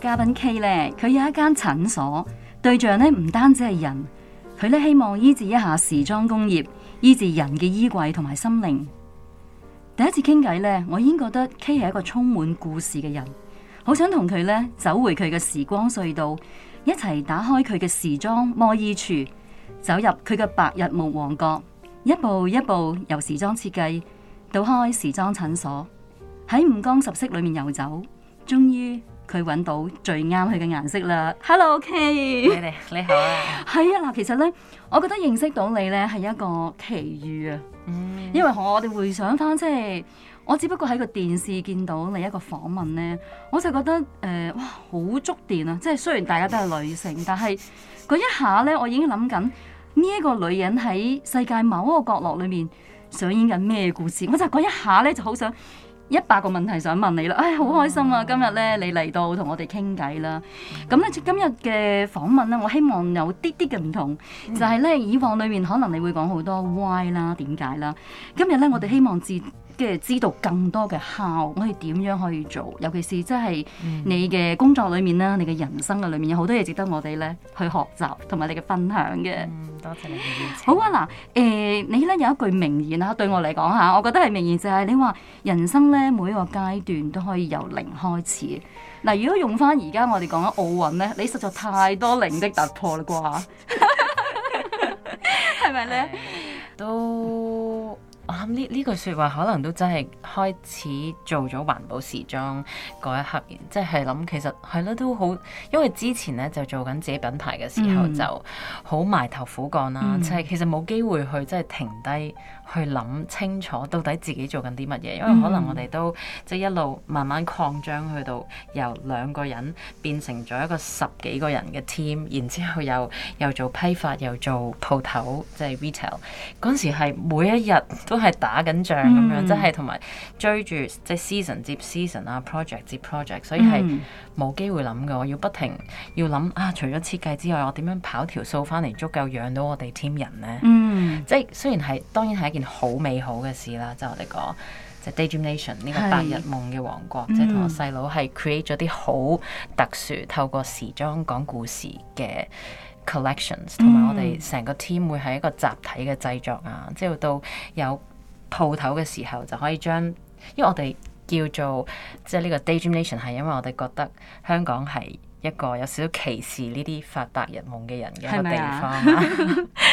嘉賓 K 咧，佢有一間診所，對象咧唔單止係人，佢咧希望醫治一下時裝工業，醫治人嘅衣櫃同埋心靈。第一次傾偈咧，我已經覺得 K 係一個充滿故事嘅人，好想同佢咧走回佢嘅時光隧道，一齊打開佢嘅時裝魔衣櫥，走入佢嘅白日夢王國，一步一步由時裝設計到開時裝診所，喺五光十色裏面遊走，終於。佢揾到最啱佢嘅顏色啦！Hello，K，你 哋你好啊！係 啊嗱，其實呢，我覺得認識到你呢係一個奇遇啊！嗯，因為我哋回想翻，即係我只不過喺個電視見到你一個訪問呢，我就覺得誒、呃，哇，好觸電啊！即係雖然大家都係女性， 但係嗰一下呢，我已經諗緊呢一個女人喺世界某一個角落裏面上演緊咩故事，我就嗰一下呢，就好想～一百個問題想問你啦，唉，好開心啊！今日咧你嚟到同我哋傾偈啦，咁咧今日嘅訪問咧，我希望有啲啲嘅唔同，嗯、就係咧以往裏面可能你會講好多 why 啦、點解啦，今日咧、嗯、我哋希望自即係知道更多嘅效，我哋點樣可以做？尤其是即係你嘅工作裏面啦，嗯、你嘅人生嘅裏面有好多嘢值得我哋咧去學習，同埋你嘅分享嘅。多謝你嘅邀請。好啊，嗱，誒，你咧有一句名言啊，對我嚟講吓，我覺得係名言就係你話，人生咧每一個階段都可以由零開始。嗱、呃，如果用翻而家我哋講嘅奧運咧，你實在太多零的突破啦，啩？係咪咧？哎、都。呢呢句説話可能都真係開始做咗環保時裝嗰一刻，即係諗其實係咯，都好，因為之前呢就做緊自己品牌嘅時候，嗯、就好埋頭苦幹啦、啊，即係、嗯、其實冇機會去即係停低。去諗清楚到底自己做緊啲乜嘢，因為可能我哋都即係一路慢慢擴張去到由兩個人變成咗一個十幾個人嘅 team，然之後又又做批發又做鋪頭，即係 retail。嗰陣時係每一日都係打緊仗咁樣，嗯、即係同埋追住即係 season 接 season 啊，project 接 project，所以係冇機會諗嘅。我要不停要諗啊，除咗設計之外，我點樣跑條數翻嚟，足夠養到我哋 team 人咧？嗯，即係雖然係當然係一件。好美好嘅事啦，就是、我哋講，就是、Daydream Nation 呢個白日夢嘅王國，即係同我細佬係 create 咗啲好特殊，mm. 透過時裝講故事嘅 collections，同埋我哋成個 team 會係一個集體嘅製作啊，即、就、係、是、到有鋪頭嘅時候就可以將，因為我哋叫做即係呢個 Daydream Nation 係，因為我哋覺得香港係。一個有少少歧視呢啲發白日夢嘅人嘅一個地方是是、啊、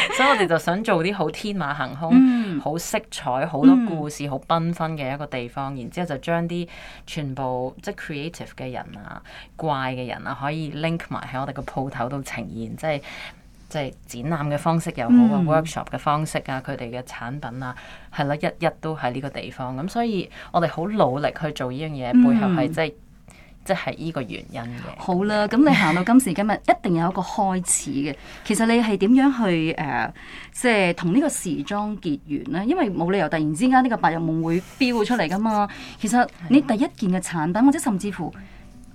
所以我哋就想做啲好天馬行空、好、嗯、色彩、好多故事、好、嗯、繽紛嘅一個地方。然之後就將啲全部即係 creative 嘅人啊、怪嘅人啊，可以 link 埋喺我哋個鋪頭度呈現，即係即係展覽嘅方式又好啊、嗯、workshop 嘅方式啊，佢哋嘅產品啊，係咯，一一都喺呢個地方。咁所以我哋好努力去做呢樣嘢，背後係即係。嗯即係呢個原因嘅。好啦，咁你行到今時今日， 一定有一個開始嘅。其實你係點樣去誒，即、呃、係、就係、同呢個時裝結緣呢？因為冇理由突然之間呢個白日夢會飆出嚟噶嘛。其實你第一件嘅產品，或者甚至乎。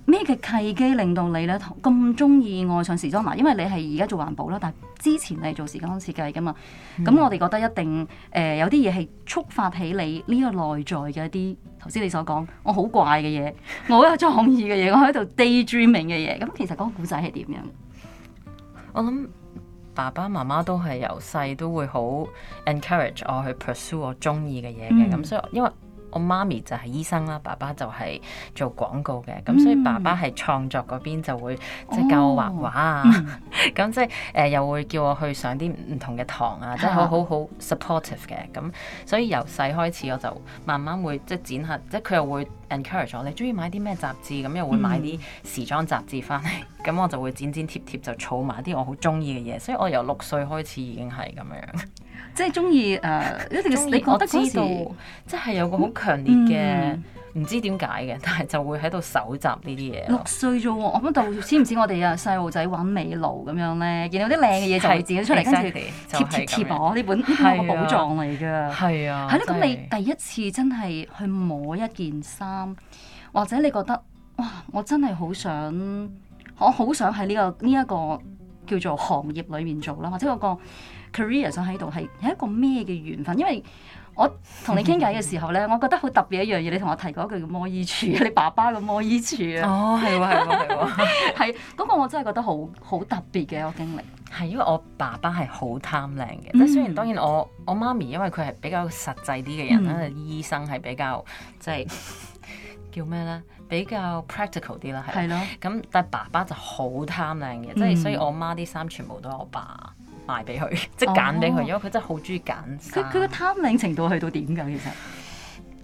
咩嘅契機令到你咧咁中意愛上時裝嘛？因為你係而家做環保啦，但係之前你係做時裝設計噶嘛？咁、嗯、我哋覺得一定誒、呃、有啲嘢，係觸發起你呢個內在嘅一啲頭先你所講，我好怪嘅嘢，我好有創意嘅嘢， 我喺度 daydreaming 嘅嘢。咁其實嗰個故仔係點樣？我諗爸爸媽媽都係由細都會好 encourage 我去 pursue 我中意嘅嘢嘅，咁、嗯、所以因為。我媽咪就係醫生啦，爸爸就係做廣告嘅，咁、嗯、所以爸爸喺創作嗰邊就會即係、就是、教我畫畫啊，咁即係誒又會叫我去上啲唔同嘅堂啊，即係好好好 supportive 嘅，咁所以由細開始我就慢慢會即係、就是、剪下，即係佢又會 encourage 我，你中意買啲咩雜誌，咁又會買啲時裝雜誌翻嚟，咁、嗯、 我就會剪剪貼貼，貼就儲埋啲我好中意嘅嘢，所以我由六歲開始已經係咁樣。 即係中意誒，一定你覺得嗰時即係有個好強烈嘅，唔知點解嘅，但係就會喺度搜集呢啲嘢。六歲啫喎，我諗到似唔似我哋啊細路仔玩美勞咁樣咧，見到啲靚嘅嘢就會剪咗出嚟，跟住貼貼貼哦！呢本呢本係個寶藏嚟噶，係啊，係咯。咁你第一次真係去摸一件衫，或者你覺得哇，我真係好想，我好想喺呢個呢一個叫做行業裏面做啦，或者嗰個。Career 想喺度係係一個咩嘅緣分？因為我同你傾偈嘅時候咧， 我覺得好特別一樣嘢。你同我提過一句叫摩衣柱，你爸爸嘅摩衣柱啊！哦，係喎，係喎，係喎，係嗰、 嗰個我真係覺得好好特別嘅一個經歷。係因為我爸爸係好貪靚嘅，即係、嗯、雖然當然我我媽咪因為佢係比較實際啲嘅人啦，啲、嗯、醫生係比較即係、就是、叫咩咧比較 practical 啲啦。係咯。咁的但係爸爸就好貪靚嘅，即係、嗯、所，所以我媽啲衫全部都係我爸，爸。賣俾佢，即係揀俾佢，因為佢真係好中意揀衫。佢佢個貪靚程度去到點㗎？其實。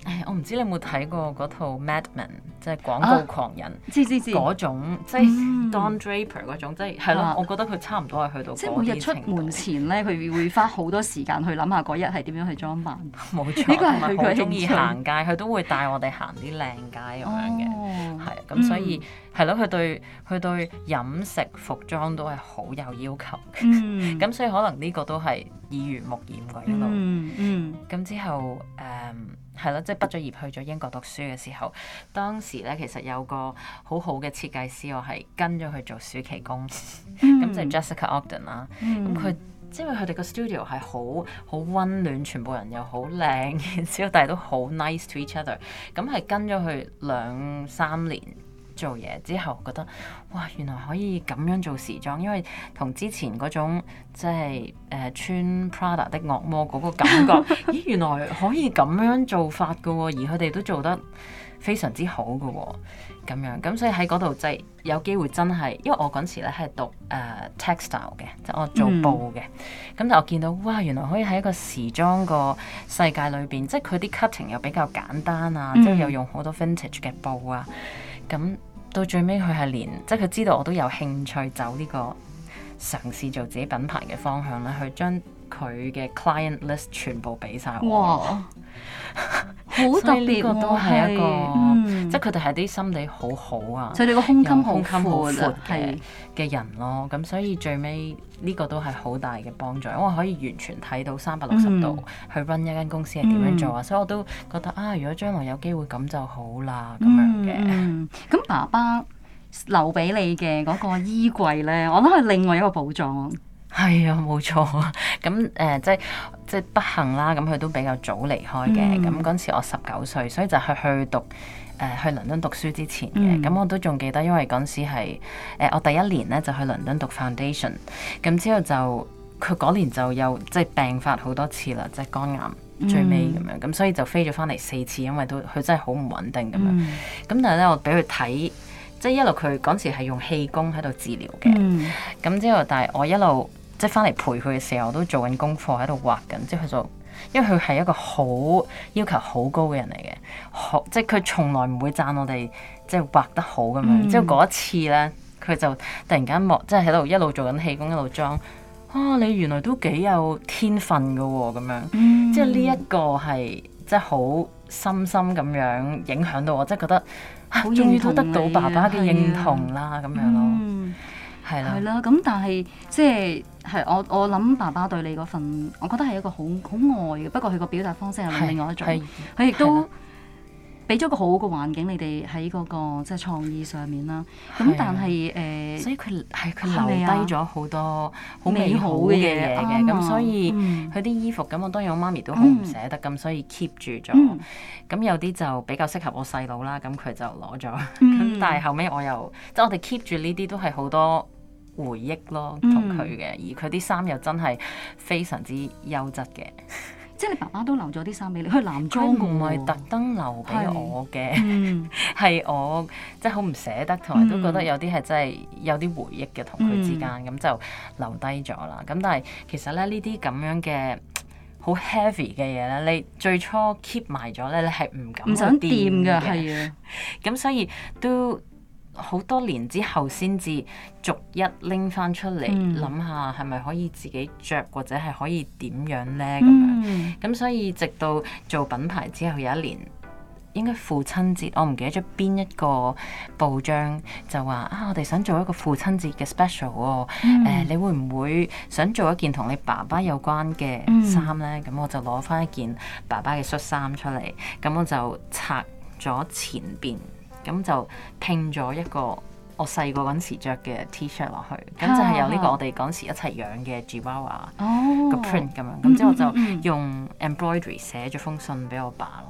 誒，我唔知你有冇睇過嗰套 Mad Men，即係廣告狂人，知知知，嗰種即係 Don Draper 嗰種，即係係咯，我覺得佢差唔多係去到即係每日出門前咧，佢會花好多時間去諗下嗰日係點樣去裝扮。冇錯，同埋佢中意行街，佢都會帶我哋行啲靚街咁樣嘅，係咁，所以係咯，佢對佢對飲食服裝都係好有要求嘅，咁所以可能呢個都係耳濡目染嗰樣。嗯嗯，咁之後誒。係咯，即係畢咗業去咗英國讀書嘅時候，當時呢其實有個好好嘅設計師，我係跟咗佢做暑期工，咁、mm. 就係 Jessica Ogden 啦、mm.。咁佢即為佢哋個 studio 係好好溫暖，全部人又好靚，然之後但係都好 nice to each other，咁係跟咗佢兩三年。做嘢之後覺得哇，原來可以咁樣做時裝，因為同之前嗰種即係誒穿 Prada 的惡魔嗰個感覺， 咦，原來可以咁樣做法㗎喎、哦，而佢哋都做得非常之好㗎喎、哦，咁樣咁所以喺嗰度即係有機會真係，因為我嗰陣時咧係讀誒、呃、textile 嘅，即我做布嘅，咁、嗯、但我見到哇，原來可以喺一個時裝個世界裏邊，即係佢啲 cutting 又比較簡單啊，嗯、即係又用好多 vintage 嘅布啊，咁。到最尾佢係連，即係佢知道我都有興趣走呢個嘗試做自己品牌嘅方向啦。佢將佢嘅 client list 全部俾晒我。好 特別、啊，個都係一個，即係佢哋係啲心理好好啊，佢哋個胸襟好闊嘅嘅人咯。咁所以最尾呢個都係好大嘅幫助，因為、嗯、我可以完全睇到三百六十度去 run 一間公司係點樣做啊。嗯、所以我都覺得啊，如果將來有機會咁就好啦咁樣嘅。咁、嗯嗯、爸爸留俾你嘅嗰個衣櫃呢，我諗係另外一個保障。係啊，冇、sí，錯。咁 誒、呃，即係即係不幸啦。咁佢都比較早離開嘅。咁嗰陣時我十九歲，所以就去去讀誒、呃、去倫敦讀書之前嘅。咁我都仲記得，因為嗰陣時係、呃、我第一年咧就去倫敦讀 foundation。咁之後就佢嗰年就又即係病發好多次啦，即、就、係、是、肝癌最尾咁樣。咁、mm. 所以就飛咗翻嚟四次，因為都佢真係好唔穩定咁樣。咁 但係咧，我俾佢睇，即係一路佢嗰陣時係用氣功喺度治療嘅。咁、mm. 之後，但係我一路。即係返嚟陪佢嘅時候，我都做緊功課喺度畫緊。即係佢就，因為佢係一個好要求好高嘅人嚟嘅，好即係佢從來唔會讚我哋即係畫得好咁樣。之後嗰一次咧，佢就突然間莫，即係喺度一路做緊氣功一路裝。啊，你原來都幾有天分㗎喎咁樣。嗯，即係呢一個係即係好深深咁樣影響到我，即係覺得終於都得到爸爸嘅認同啦咁樣咯。嗯，係啦，嗯。係啦。咁但係即係。係我我諗爸爸對你嗰份，我覺得係一,一,一個好好愛嘅，不過佢個表達方式係另外一種，佢亦都俾咗個好好嘅環境你哋喺嗰個即係創意上面啦。咁但係誒，啊呃、所以佢係佢留低咗好多好美好嘅嘢嘅，咁、啊、所以佢啲衣服咁，嗯、我當然我媽咪都好唔捨得，咁所以 keep 住咗。咁、嗯、有啲就比較適合我細佬啦，咁佢就攞咗。咁、嗯、但係後尾，我又即係我哋 keep 住呢啲都係好多回憶咯，同佢嘅，而佢啲衫又真係非常之優質嘅，即係你爸爸都留咗啲衫俾你，佢男裝唔係特登留俾我嘅，係、嗯、 我即係好唔捨得，同埋都覺得有啲係真係有啲回憶嘅同佢之間，咁、嗯、就留低咗啦。咁但係其實咧呢啲咁樣嘅好 heavy 嘅嘢咧，你最初 keep 埋咗咧，你係唔敢唔想掂㗎，係啊，咁所以都。好多年之後先至逐一拎翻出嚟，諗、嗯、下係咪可以自己着，或者係可以點樣呢？咁樣。咁、嗯、所以直到做品牌之後有一年，應該父親節，我唔記得咗邊一個報章就話啊，我哋想做一個父親節嘅 special 哦、嗯呃。你會唔會想做一件同你爸爸有關嘅衫呢？咁、嗯、我就攞翻一件爸爸嘅恤衫出嚟，咁我就拆咗前邊。咁就拼咗一個我細個嗰陣時著嘅 T-shirt 落去，咁、啊、就係有呢個我哋嗰陣時一齊養嘅 Chihuahua 個 print 咁樣，咁之後就用 embroidery 寫咗封信俾我爸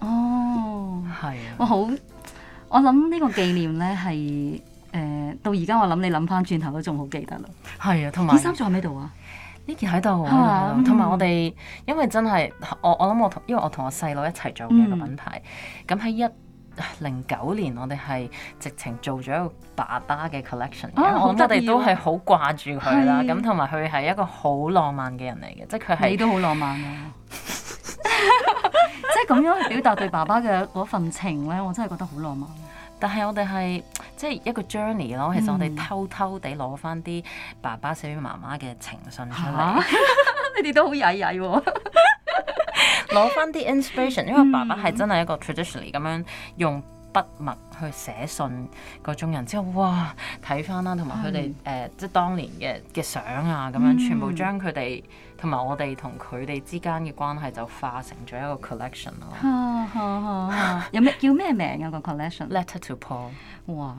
咯。哦，係啊 是，我好，我諗呢個紀念咧係誒到而家我諗你諗翻轉頭都仲好記得啦。係啊，同埋呢衫仲喺邊度啊？呢件喺度，同埋、啊嗯、我哋因為真係我我諗我同因為我同我細佬一齊做嘅一個品牌，咁喺、嗯、一零九年我哋係直情做咗一個爸爸嘅 collection，啊，我諗，咁我哋都係好掛住佢啦。咁同埋佢係一個好浪漫嘅人嚟嘅，即係佢係，你都好浪漫嘅，即係咁樣去表達對爸爸嘅嗰份情咧，我真係覺得好浪漫。但係我哋係即係一個 journey 咯，其實我哋偷偷地攞翻啲爸爸寫俾媽媽嘅情信出嚟，你哋都好曳曳，攞翻啲 inspiration，因為爸爸係真係一個 traditionally 咁樣用筆墨去寫信嗰種人之後，哇！睇翻啦，同埋佢哋誒，即係當年嘅嘅相啊，咁樣、嗯、全部將佢哋同埋我哋同佢哋之間嘅關係就化成咗一個 collection 咯。有咩叫咩名啊？個、啊啊 啊、collection？Letter to Paul 哇！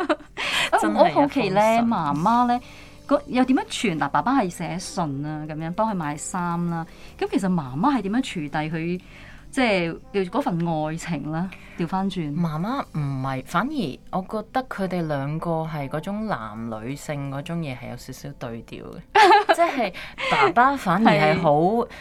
我好奇咧，媽媽咧，又點樣傳？但爸爸係寫信啊，咁樣幫佢買衫啦、啊。咁其實媽媽係點樣傳遞佢？即係叫嗰份愛情啦，調翻轉。媽媽唔係，反而我覺得佢哋兩個係嗰種男女性嗰種嘢係有少少對調嘅， 即係爸爸反而係好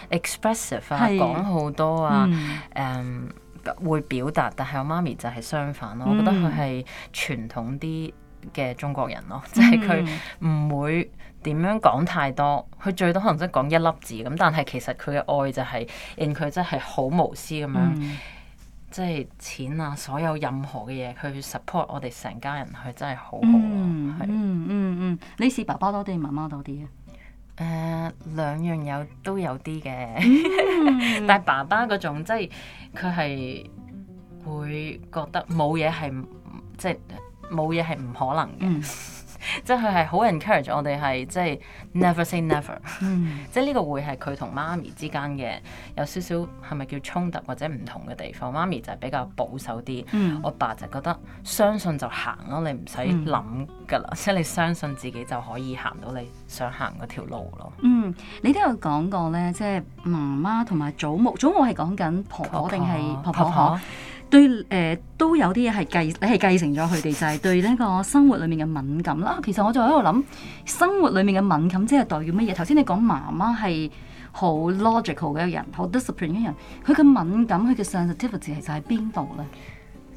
expressive 是啊，講好是多啊，誒、嗯嗯、會表達，但係我媽咪就係相反咯，嗯、我覺得佢係傳統啲。嘅中國人咯，即係佢唔會點樣講太多，佢、嗯、最多可能即係講一粒字咁，但係其實佢嘅愛就係、令，佢真係好無私咁樣，嗯、即係錢啊，所有任何嘅嘢佢 support 我哋成家人，佢真係好好啊！嗯是嗯嗯，嗯，你係爸爸多啲定媽媽多啲啊？誒，uh, 兩樣有都有啲嘅，嗯、 但係爸爸嗰種即係佢係會覺得冇嘢係即係。冇嘢係唔可能嘅，嗯、即係佢係好 encourage 我哋係即係、就是、never say never、嗯、即係呢個會係佢同媽咪之間嘅有少少係咪叫衝突或者唔同嘅地方？媽咪就係比較保守啲，嗯、我爸就覺得相信就行咯，你唔使諗㗎喇，嗯、即係你相信自己就可以行到你想行嗰條路咯。嗯，你都有講過呢，即、就、係、是、媽媽同埋祖母，祖母係講緊婆婆定係婆婆？對誒、呃、都有啲嘢係繼係繼承咗佢哋，就係、是、對呢個生活裡面嘅敏感啦。其實我就喺度諗生活裡面嘅敏，敏感，即係代表乜嘢？頭先你講媽媽係好 logical 嘅人，好 discipline 嘅人，佢嘅敏感，佢嘅 sensitivity 其實喺邊度呢？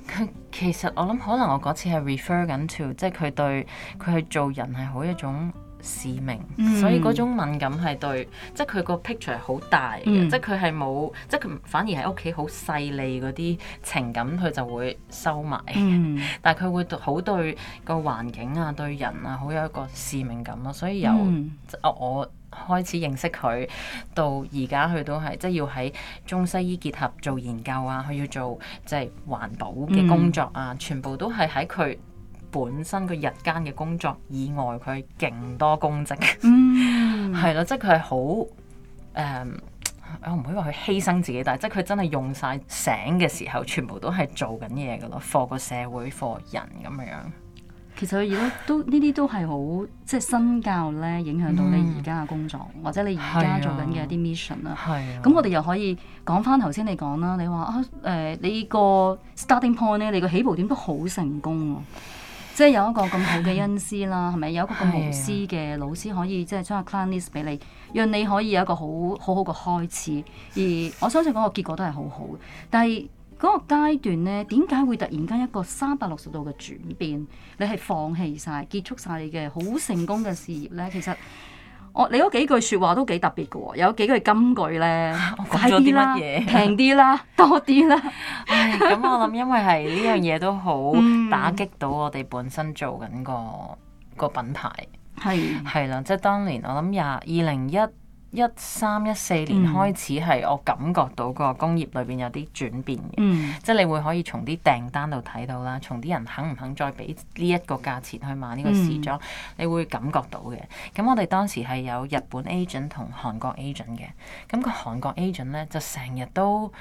佢其實我諗可能我嗰次係 refer 緊 to，即係佢對佢去做人係好一種。使命，嗯、所以嗰種敏感係對，即係佢個 picture 好大嘅、嗯，即係佢係冇，即係佢反而喺屋企好細膩嗰啲情感，佢就會收埋。嗯、但係佢會好對個環境啊，對人啊，好有一個使命感咯、啊。所以由我開始認識佢到而家，佢都係即係要喺中西醫結合做研究啊，佢要做即係環保嘅工作啊，嗯、全部都係喺佢。本身佢日間嘅工作以外，佢勁多公職、嗯，係咯， 即係佢係好誒，um, 我唔可以話佢犧牲自己，但係即係佢真係用晒醒嘅時候，全部都係做緊嘢噶咯，for 個社會，for 人咁樣樣。其實佢而家都呢啲都係好，即係身教咧影響到你而家嘅工作，嗯、或者你而家做緊嘅一啲 mission 啦、啊。係咁，我哋又可以講翻頭先你講啦，你話啊，誒、呃，你個 starting point 咧，你個起步點都好成功。即係有一個咁好嘅恩師啦，係咪？ 有一個咁無私嘅老師可以即係將個 client list 俾你，讓你可以有一個好好好嘅開始。而我相信嗰個結果都係好好嘅。但係嗰個階段呢，點解會突然間一個三百六十度嘅轉變？你係放棄晒、結束晒你嘅好成功嘅事業呢？其實。我你嗰幾句説話都幾特別㗎喎，有幾句金句咧，快啲啦，平啲啦，多啲啦。咁、 嗯、我諗，因為係呢樣嘢都好打擊到我哋本身做緊個個品牌，係係啦。即係當年我諗廿二零一一三一四年開始係我感覺到個工業裏邊有啲轉變嘅，嗯、即係你會可以從啲訂單度睇到啦，從啲人肯唔肯再俾呢一個價錢去買呢個時裝，嗯、你會感覺到嘅。咁我哋當時係有日本 agent 同韓國 agent 嘅，咁、嗰個韓國 agent 咧就成日都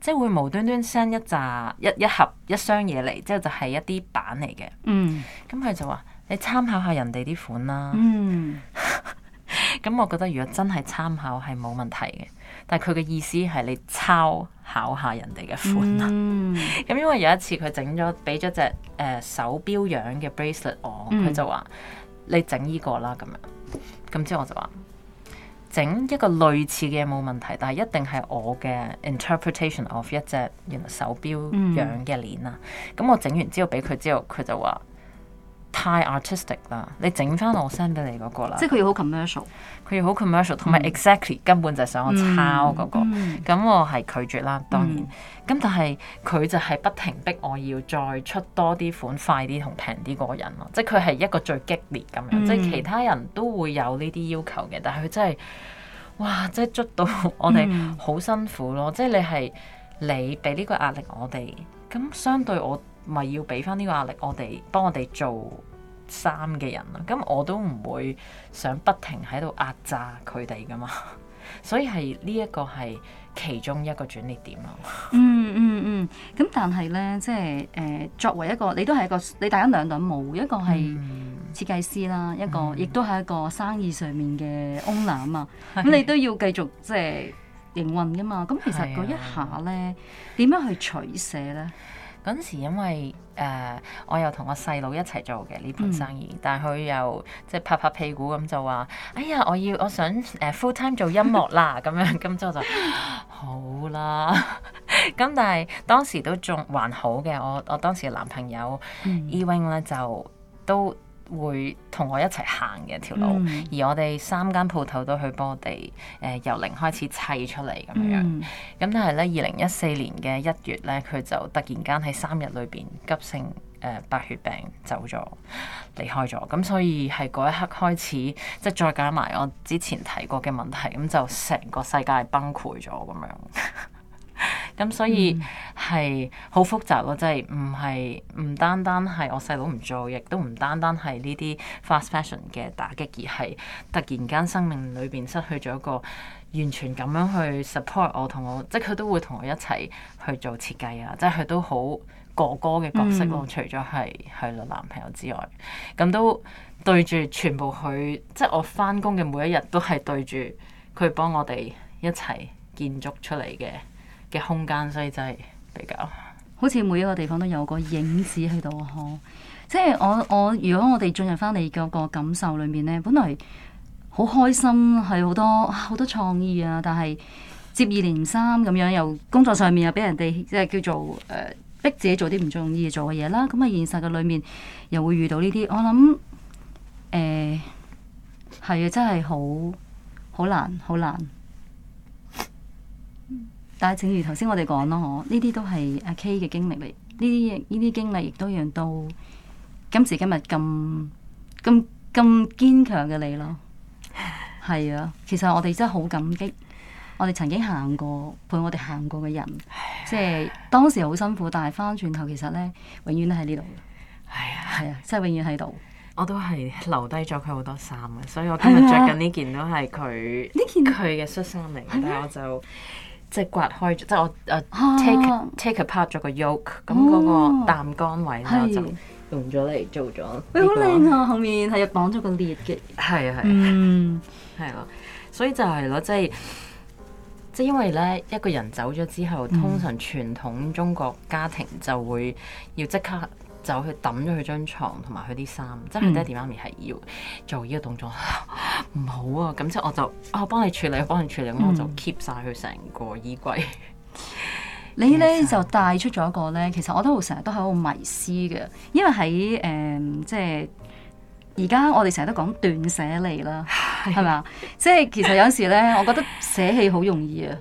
即係會無端端 send 一扎一一盒一箱嘢嚟，即係就係一啲板嚟嘅。嗯，咁佢就話：你參考下人哋啲款啦。嗯。 咁我覺得如果真係參考係冇問題嘅，但係佢嘅意思係你抄考下人哋嘅款啦。咁、mm. 因為有一次佢整咗俾咗隻誒手表樣嘅 bracelet 我，佢、mm. 就話，你整呢個啦咁樣。咁之後我就話整一個類似嘅冇問題，但係一定係我嘅 interpretation of 一隻原來手表樣嘅鏈啦。咁、mm. 我整完之後俾佢之後，佢就話。太 artistic 啦，你整翻我 send 俾你嗰個啦。即係佢要好 commercial，佢要好 commercial，同埋 exactly、嗯、根本就係想我抄嗰、嗰個，咁、嗯、我係拒絕啦。當然，咁、嗯、但係佢就係不停逼我要再出多啲款，快啲同平啲個人咯。即係佢係一個最激烈咁樣，嗯、即係其他人都會有呢啲要求嘅，但係佢真係哇！即係捉到我哋好辛苦咯。嗯、即係你係你俾呢個壓力我哋，咁相對我，咪要俾翻呢個壓力我哋，幫我哋做衫嘅人啦。咁我都唔會想不停喺度壓榨佢哋噶嘛。所以係呢一個係其中一個轉捩點咯、嗯。嗯嗯嗯。咁但係呢，即係、呃、作為一個，你都係一個，你大家兩棟冇一個係設計師啦，嗯、一個亦都係一個生意上面嘅 o w 啊嘛。咁是你都要繼續即係營運噶嘛。咁其實嗰一下呢，點、啊、樣去取捨呢？嗰陣時，因為誒、呃，我又同我細佬一齊做嘅呢盤生意，嗯、但係佢又即係拍拍屁股咁就話：哎呀，我要我想誒、呃、full time 做音樂啦咁 樣。咁之後就好啦。咁 但係當時都仲還好嘅，我我當時嘅男朋友、嗯、Ewing 咧就都會同我一齊行嘅條路，而我哋三間鋪頭都去幫我哋誒、呃、由零開始砌出嚟咁樣。咁但係咧，二零一四年嘅一月咧，佢就突然間喺三日裏邊急性誒、呃、白血病走咗，離開咗。咁所以係嗰一刻開始，即係再加埋我之前提過嘅問題，咁就成個世界崩潰咗咁樣。 咁所以係好複雜咯，即係唔係唔單單係我細佬唔做，亦都唔單單係呢啲 fast fashion 嘅打擊，而係突然間生命裏邊失去咗一個完全咁樣去 support 我同我，即係佢都會同我一齊去做設計啊。即係佢都好哥哥嘅角色咯，嗯、除咗係係男朋友之外，咁都對住全部佢，即係我翻工嘅每一日都係對住佢幫我哋一齊建築出嚟嘅。嘅空間，所以就係比較好似每一個地方都有個影子喺度。嗬，即係我我如果我哋進入翻嚟嗰個感受裏面呢，本來好開心，係好多好多創意啊！但係接二連三咁樣又工作上面又俾人哋即係叫做誒、呃、逼自己做啲唔中意做嘅嘢啦。咁啊，現實嘅裏面又會遇到呢啲。我諗誒係啊，真係好好難，好難。但係，正如頭先我哋講咯，嗬、嗯，呢啲都係阿 K 嘅經歷嚟，呢啲呢啲經歷亦都讓到今時今日咁咁咁堅強嘅你咯。係啊，其實我哋真係好感激我哋曾經行過陪我哋行過嘅人，即係當時好辛苦，但係翻轉頭其實咧，永遠都喺呢度。係啊，係啊，真係永遠喺度。我都係留低咗佢好多衫啊，所以我今日着緊呢件都係佢呢件佢嘅恤衫嚟，但係我就。即係刮開咗，即係我誒、uh, take take apart 咗個 yoke 咁嗰個擔桿位咧就用咗嚟做咗、這個。你好靚啊！後面係又綁咗個裂嘅。係啊係。嗯，係咯，所以就係、是、咯，即係即係因為咧，一個人走咗之後，通常傳統中國家庭就會要即刻。就去抌咗佢張床同埋佢啲衫，即係佢爹哋媽咪係要、嗯、做呢個動作，唔、啊、好啊！咁之後我就啊幫你處理，幫你處理，嗯、我就 keep 晒佢成個衣櫃。你咧呢實就帶出咗一個咧，其實我都好成日都喺度迷思嘅，因為喺誒、嗯、即係而家我哋成日都講斷捨離啦，係咪啊？吧 即係其實有時咧，我覺得捨棄好容易啊，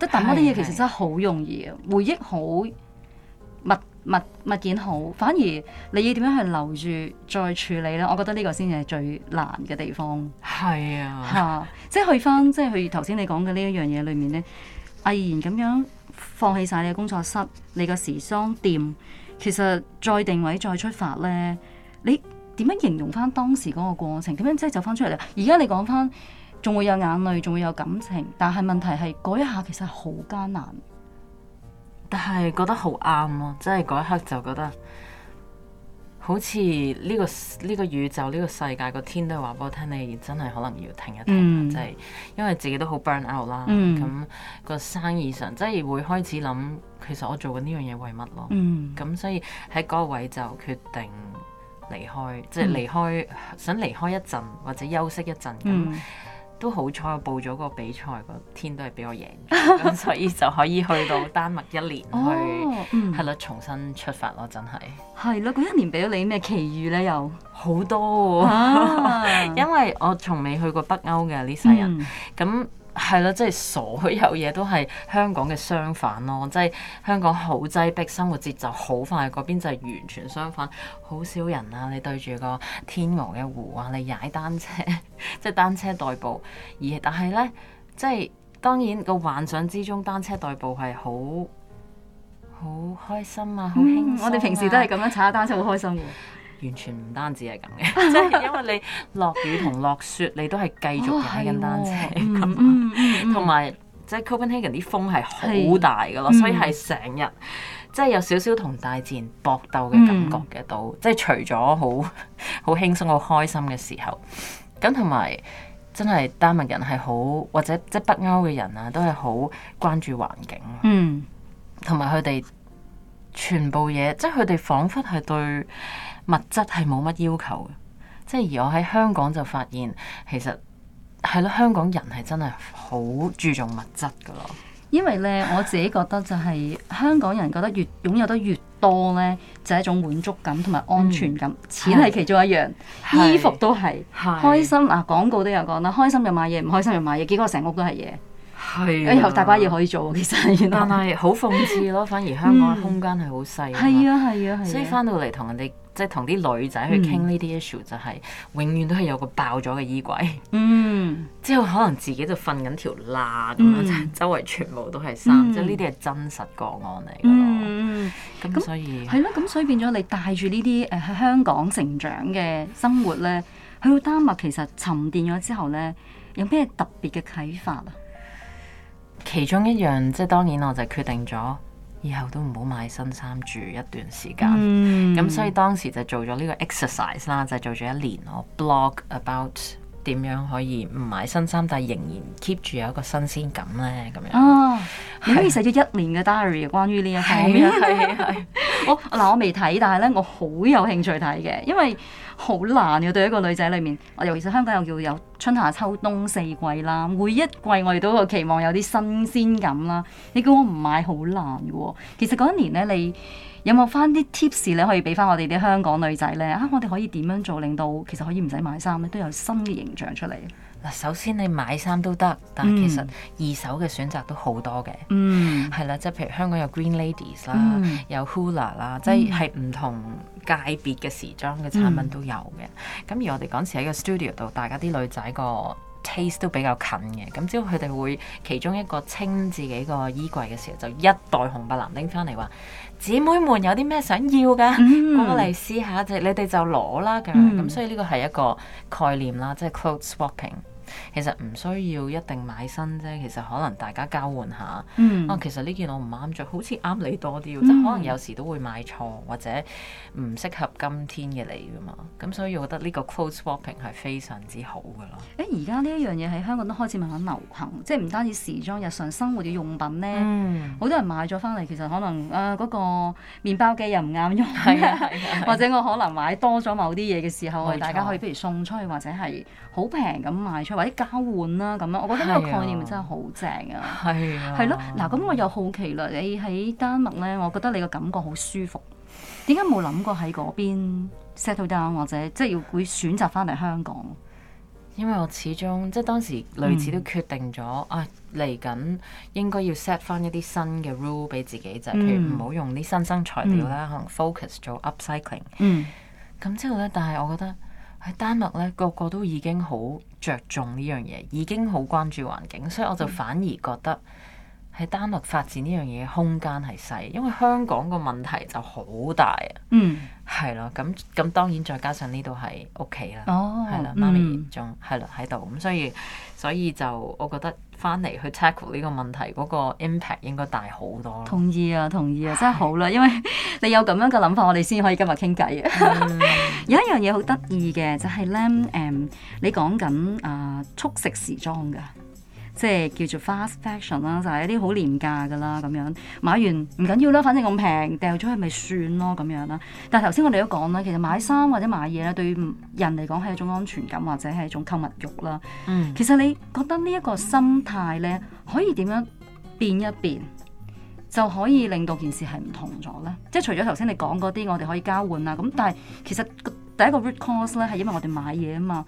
即抌嗰啲嘢其實真係好容易啊，回憶好。物物，物件好，反而你要點樣去留住再處理呢？我覺得呢個先係最難嘅地方。係啊，嚇、啊！即係去翻，即係去頭先你講嘅呢一樣嘢裏面呢，毅然咁樣放棄晒你嘅工作室、你個時裝店，其實再定位、再出發呢，你點樣形容翻當時嗰個過程？點樣即係走翻出嚟咧？而家你講翻，仲會有眼淚，仲會有感情，但係問題係嗰一下其實好艱難。但係覺得好啱咯，即係嗰一刻就覺得好似呢個呢個宇宙呢個世界個天都係話俾我聽，你真係可能要停一停啦，即係、嗯、因為自己都好 burn out 啦、嗯，咁個生意上即係會開始諗，其實我做緊呢樣嘢為乜咯，咁、嗯、所以喺嗰個位就決定離開，即係離開，嗯、想離開一陣或者休息一陣咁。嗯。都好彩，我報咗個比賽，個天都係俾我贏，咁 所以就可以去到丹麥一年去，係啦、oh, um.，重新出發咯，真係。係咯，嗰一年俾咗你咩奇遇咧？又好多、哦，ah. 因為我從未去過北歐嘅呢世人，咁。Mm. 係咯，即係所有嘢都係香港嘅相反咯，即係香港好擠迫，生活節奏好快，嗰邊就係完全相反，好少人啊！你對住個天鵝嘅湖啊，你踩單車，即係單車代步。而但係呢，即係當然個幻想之中，單車代步係好好開心啊，好輕鬆啊。嗯。我哋平時都係咁樣踩下單車，好開心嘅啊。 完全唔單止係咁嘅，即係因為你落雨同落雪，你都係繼續踩緊單車咁。同埋即係 Copenhagen 啲風係好大㗎咯，所以係成日即係有少少同大自然搏鬥嘅感覺嘅，到即係除咗好好輕鬆、好開心嘅時候，咁同埋真係丹麥人係好，或者即係北歐嘅人啊，都係好關注環境。嗯，同埋佢哋全部嘢，即係佢哋彷彿係對物質係冇乜要求嘅，即係而我喺香港就發現，其實係咯，香港人係真係好注重物質噶咯。因為咧，我自己覺得就係、是、香港人覺得越擁有得越多咧，就係、是、一種滿足感同埋安全感。嗯、錢係其中一樣，是衣服都係是，開心嗱，廣告都有講啦，開心又買嘢，唔開心又買嘢，結果成屋都係嘢。係的，有大把嘢可以做。其實但，但係好諷刺咯，反而香港嘅空間係好細。係啊、嗯，係啊，所以翻到嚟同人哋。即係同啲女仔去傾呢啲 issue，就係永遠都係有個爆咗嘅衣櫃，嗯，之後可能自己就瞓緊條罅咁樣，嗯、周圍全部都係衫，嗯、即係呢啲係真實個案嚟嘅咯。咁、嗯、那所以係咯，咁所以變咗你帶住呢啲誒喺香港成長嘅生活咧，去到丹麥其實沉澱咗之後咧，有咩特別嘅啟發啊？其中一樣即係當然我就決定咗。以後都唔好買新衫住一段時間，咁、嗯、所以當時就做咗呢個 exercise 啦，就做咗一年我 blog about 點樣可以唔買新衫，但係仍然 keep 住有一個新鮮感呢。咁樣。哦，你可以寫咗一年嘅 diary 關於呢、這、一個係啊，係，我嗱我未睇，但係呢我好有興趣睇嘅，因為。好難嘅、啊、對一個女仔裏面，尤其是香港又要有春夏秋冬四季啦。每一季我哋都有期望有啲新鮮感啦。你叫我唔買好難㗎、啊、喎。其實嗰一年呢，你有冇返啲 tips 咧，可以俾返我哋啲香港女仔呢？啊，我哋可以點樣做，令到其實可以唔使買衫呢？都有新嘅形象出嚟。嗱，首先你買衫都得，但係其實二手嘅選擇都好多嘅，係啦、嗯，即係譬如香港有 Green Ladies 啦、嗯，有 Hula 啦、嗯，即係係唔同界別嘅時裝嘅產品都有嘅。咁、嗯、而我哋嗰時喺個 studio 度，大家啲女仔個 taste 都比較近嘅，咁只要佢哋會其中一個清自己個衣櫃嘅時候，就一袋紅白藍拎翻嚟話。姊妹們有啲咩想要嘅，過嚟試下，即你哋就攞啦，咁樣咁，hmm. 所以呢個係一個概念啦，即係 clothes swapping。其實唔需要一定買新啫，其實可能大家交換下。嗯、啊，其實呢件我唔啱着，好似啱你多啲。即、嗯、可能有時都會買錯，或者唔適合今天嘅你噶嘛。咁所以我覺得呢個 clothes swapping 係非常之好噶咯。誒，而家呢一樣嘢喺香港都開始慢慢流行，即係唔單止時裝，日常生活嘅用品呢。好、嗯、多人買咗翻嚟，其實可能啊嗰、呃那個麵包機又唔啱用，或者我可能買多咗某啲嘢嘅時候，沒錯 大家可以不如送出去，或者係好平咁賣出去。或者交換啦咁樣，我覺得呢個概念真係好正啊！係啊，係咯、啊。嗱，咁我又好奇啦，你喺丹麥咧，我覺得你個感覺好舒服。點解冇諗過喺嗰邊 settle down，或者即係要會選擇翻嚟香港？因為我始終即係當時類似都決定咗、嗯、啊，嚟緊應該要 set 翻一啲新嘅 rule 俾自己，就係、譬如唔好用啲新生材料啦，嗯、可能 focus 做 upcycling。嗯。咁之後咧，但係我覺得。喺丹麥咧，個個都已經好著重呢樣嘢，已經好關注環境，所以我就反而覺得。喺丹麥發展呢樣嘢，空間係細，因為香港個問題就好大啊。嗯，係咯，咁咁當然再加上呢度係屋企啦。哦，係啦的，嗯、媽咪仲，係啦喺度，咁所以所以就我覺得翻嚟去 tackle 呢個問題嗰、那個 impact 應該大好多。同意啊，同意啊，的真係好啦，因為你有咁樣嘅諗法，我哋先可以今日傾偈。有一樣嘢好得意嘅就係、是、咧，誒、um，你講緊啊速食時裝噶。即係叫做 fast fashion 啦，就係一啲好廉價噶啦咁樣，買完唔緊要啦，反正咁平，掉咗佢咪算咯咁樣啦。但係頭先我哋都講啦，其實買衫或者買嘢咧，對於人嚟講係一種安全感，或者係一種購物慾啦。嗯、其實你覺得呢一個心態咧，可以點樣變一變，就可以令到件事係唔同咗咧？即係除咗頭先你講嗰啲，我哋可以交換啊。咁但係其實第一個 root cause 咧，係因為我哋買嘢啊嘛。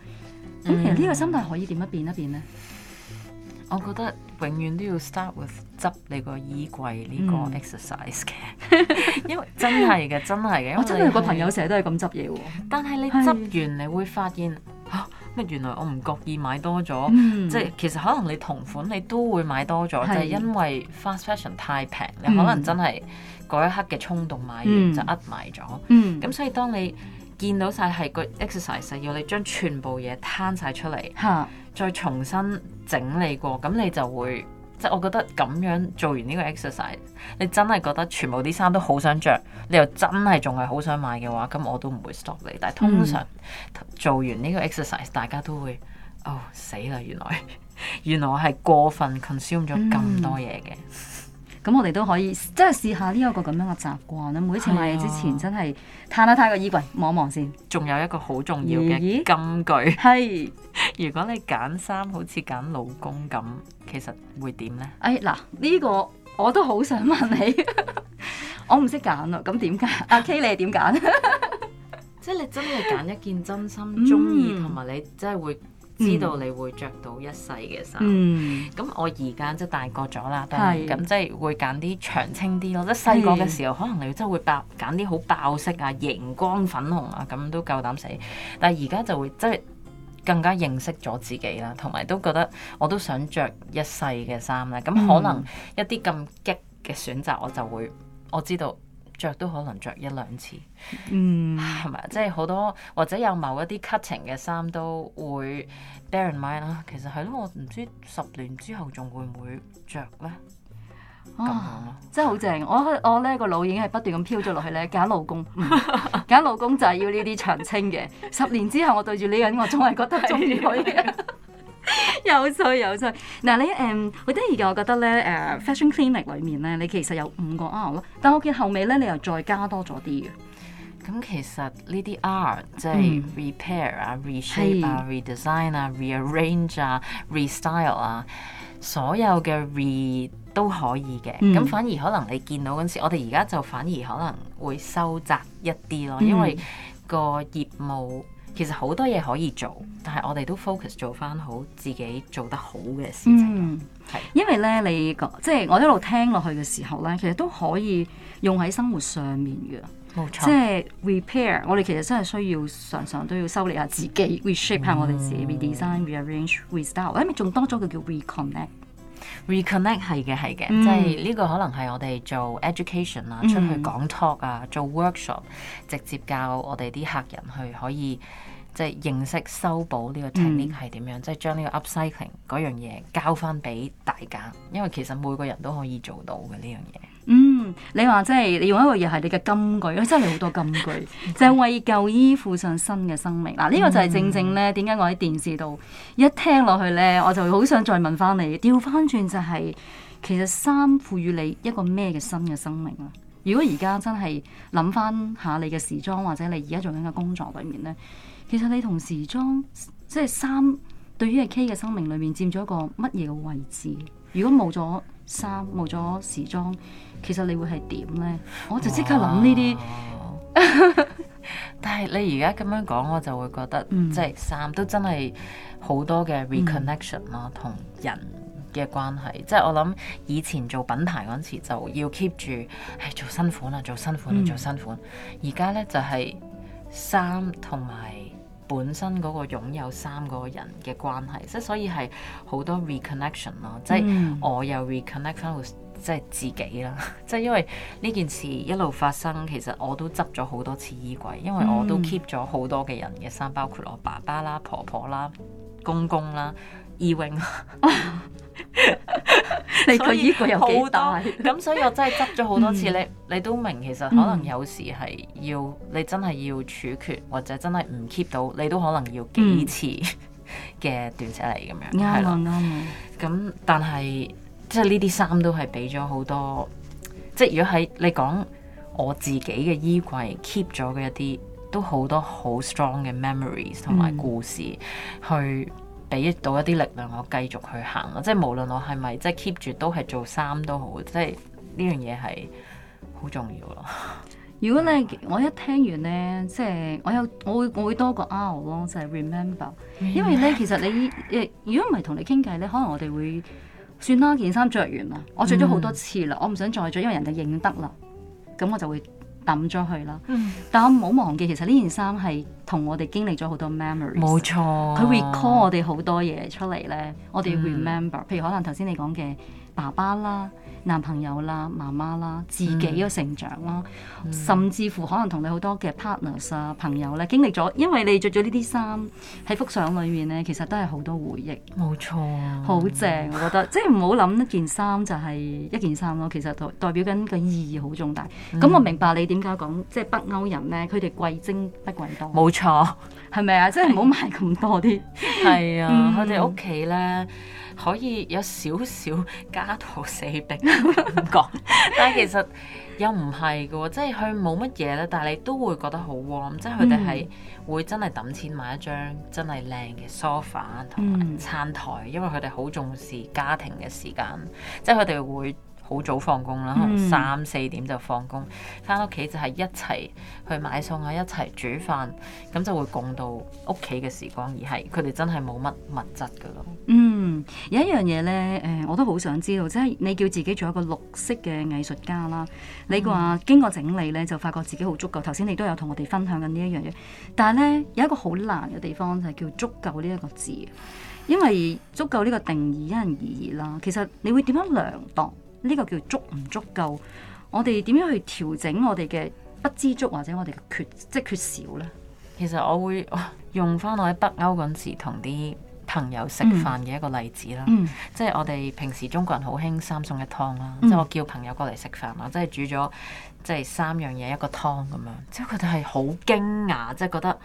嗯。咁、嗯、其實呢個心態可以點樣變一變咧？我覺得永遠都要 start with 執你個衣櫃呢個 exercise 嘅，因為真係嘅，真係嘅。我真係有個朋友成日都係咁執嘢喎。但係你執完，你會發現咩？原來我唔覺意買多咗，即係其實可能你同款你都會買多咗，就係因為 fast fashion 太平，你可能真係嗰一刻嘅衝動買完就呃埋咗。咁所以當你見到晒係個 exercise 要你將全部嘢攤晒出嚟，再重新整理過，咁你就會，即係我覺得咁樣做完呢個 exercise，你真係覺得全部啲衫都好想着，你又真係仲係好想買嘅話，咁我都唔會 stop 你。但係通常、嗯、做完呢個 exercise，大家都會哦，死啦，原來原來我係過分 consume 咗咁多嘢嘅。嗯咁我哋都可以，即係試下呢一個咁樣嘅習慣啦。每次買嘢之前真，真係攤一攤個衣櫃，望一望先。仲有一個好重要嘅金句，係、欸、 如果你揀衫好似揀老公咁，其實會點咧？哎嗱，呢、呢個我都好想問你， 我唔識揀啦。咁點揀？阿、 啊、K 你係點揀？ 即係你真係揀一件真心中意，同埋、嗯、你真係會。嗯、知道你會着到一世嘅衫，咁、嗯、我而家是即係大個咗啦，但係咁即係會揀啲長青啲咯。是即係細個嘅時候，可能你真係會爆揀啲好爆色啊、熒光粉紅啊，咁都夠膽死。但係而家就會即係更加認識咗自己啦，同埋都覺得我都想着一世嘅衫啦。咁、嗯、可能一啲咁激嘅選擇，我就會我知道。着都可能着一兩次，係咪、嗯？即係好多或者有某一啲 cutting 嘅衫都會 bear in mind 啦。其實係咯，我唔知十年之後仲會唔會着咧。咁、啊、樣咯，真係好正！我我咧個腦已經係不斷咁飄咗落去咧 假老公、嗯，假老公就係要呢啲長青嘅。 十年之後我，我對住呢個人，我仲係覺得中意佢。 有，水有，水 um，有趣，有趣。嗱你誒，我哋而家我覺得咧誒、uh，fashion clinic 裏面咧，你其實有五個 R 咯，但我見後尾咧，你又再加多咗啲嘅。咁、嗯、其實呢啲 R 即係 repair 啊、嗯、reshape 啊、是 redesign 啊、rearrange 啊、restyle 啊，所有嘅 re 都可以嘅。咁、嗯、反而可能你見到嗰陣時，我哋而家就反而可能會收窄一啲咯，嗯、因為個業務。其實好多嘢可以做，但係我哋都 focus 做翻好自己做得好嘅事情。係、嗯，係因為咧你即係、就是、我一路聽落去嘅時候咧，其實都可以用喺生活上面嘅。冇錯，即係 repair，我哋其實真係需要常常都要修理下自己，reshape、嗯、下我哋自己，re design，re arrange，re style。我諗咪仲多咗個叫 reconnect re。reconnect 係嘅係嘅，即係呢個可能係我哋做 education 啊，出去講 talk、嗯、啊，做 workshop，直接教我哋啲客人去可以。即係認識修補呢個 thing 係點樣，即係、嗯、將呢個 upcycling 嗰樣嘢交翻俾大家，因為其實每個人都可以做到嘅呢樣嘢。這個、嗯，你話即係你用一個嘢係你嘅金句，真係好多金句， 就係為舊衣附上新嘅生命嗱。呢、啊這個就係正正呢點解我喺電視度一聽落去呢，我就好想再問翻你，調翻轉就係、是、其實衫賦予你一個咩嘅新嘅生命啊？如果而家真係諗翻下你嘅時裝，或者你而家做緊嘅工作裏面呢。其實你同時裝即係衫，對於係 K 嘅生命裏面佔咗一個乜嘢嘅位置？如果冇咗衫，冇咗時裝，其實你會係點呢？我就即刻諗呢啲。哇 但係你而家咁樣講，我就會覺得，即係衫都真係好多嘅 reconnection 咯、嗯，同人嘅關係。即、就、係、是、我諗以前做品牌嗰陣時，就要 keep 住，唉，做新款啊，做新款啊，做新款。而家、嗯、呢，就係衫同埋。本身嗰個擁有三個人嘅關係，即所以係好多 reconnection 咯，嗯、即係我又 reconnection with 即係自己啦，即係因為呢件事一路發生，其實我都執咗好多次衣櫃，因為我都 keep 咗好多嘅人嘅衫，嗯、包括我爸爸啦、婆婆啦、公公啦。意蘊啊！ 你個衣櫃有幾大？咁、 嗯、所以我真係執咗好多次咧，你都明其實可能有時係要你真係要處決，或者真係唔 keep 到，你都可能要幾次嘅斷捨離咁樣，係咯，啱，咁但係即係呢啲衫都係俾咗好多，即係如果喺你講我自己嘅衣櫃 keep 咗嘅一啲，都好多好 strong 嘅 memories 同埋故事去。嗯俾到一啲力量，我繼續去行咯。即係無論我係咪即係 keep 住都係做衫都好，即係呢樣嘢係好重要咯。如果你我一聽完呢，即係我有我會我會多個 R 咯，就係 remember。Remember. 因為呢，其實你如果唔係同你傾偈呢，可能我哋會算啦。件衫着完啦，我着咗好多次啦，嗯、我唔想再着，因為人哋認得啦，咁我就會。抌咗佢啦，嗯、但係我冇忘記，其實呢件衫係同我哋經歷咗好多 memories。冇錯，佢 recall 我哋好多嘢出嚟咧，我哋要 remember、嗯。譬如可能頭先你講嘅爸爸啦，男朋友啦、媽媽啦、自己嘅成長啦，mm hmm. 甚至乎可能同你好多嘅 partners 啊、朋友咧，經歷咗，因為你着咗呢啲衫喺幅相裏面咧，其實都係好多回憶。冇錯，好正，我覺得，即係唔好諗一件衫就係一件衫咯，其實代代表緊個意義好重大。咁、mm. 我明白你點解講即係北歐人咧，佢哋貴精不貴多。冇錯 い，係咪、就是、 啊？即係唔好買咁多啲。係啊，佢哋屋企咧。可以有少少家徒四壁咁講， 但係其實又唔係嘅喎，即係佢冇乜嘢咧，但係你都會覺得好 warm，即係佢哋係會真係揼錢買一張真係靚嘅 sofa 同埋餐台， 因為佢哋好重視家庭嘅時間，即係佢哋會，好早放工啦，可能三四點就放工，翻屋企就係一齊去買餸啊，一齊煮飯，咁就會共度屋企嘅時光，而係佢哋真係冇乜物質噶咯。嗯，有一樣嘢呢，誒，我都好想知道，即係你叫自己做一個綠色嘅藝術家啦，你話經過整理呢，就發覺自己好足夠。頭先你都有同我哋分享緊呢一樣嘢，但係呢，有一個好難嘅地方就係叫足夠呢一個字，因為足夠呢個定義因人而異啦。其實你會點樣量度？呢個叫足唔足夠？我哋點樣去調整我哋嘅不知足，或者我哋嘅缺，即係缺少咧？其實我會用翻我喺北歐嗰陣時同啲朋友食飯嘅一個例子啦。嗯、即係我哋平時中國人好興三餸一湯啦。嗯、即係我叫朋友過嚟食飯，即係煮咗即係三樣嘢一個湯咁樣，即係佢哋係好驚訝，即係覺得。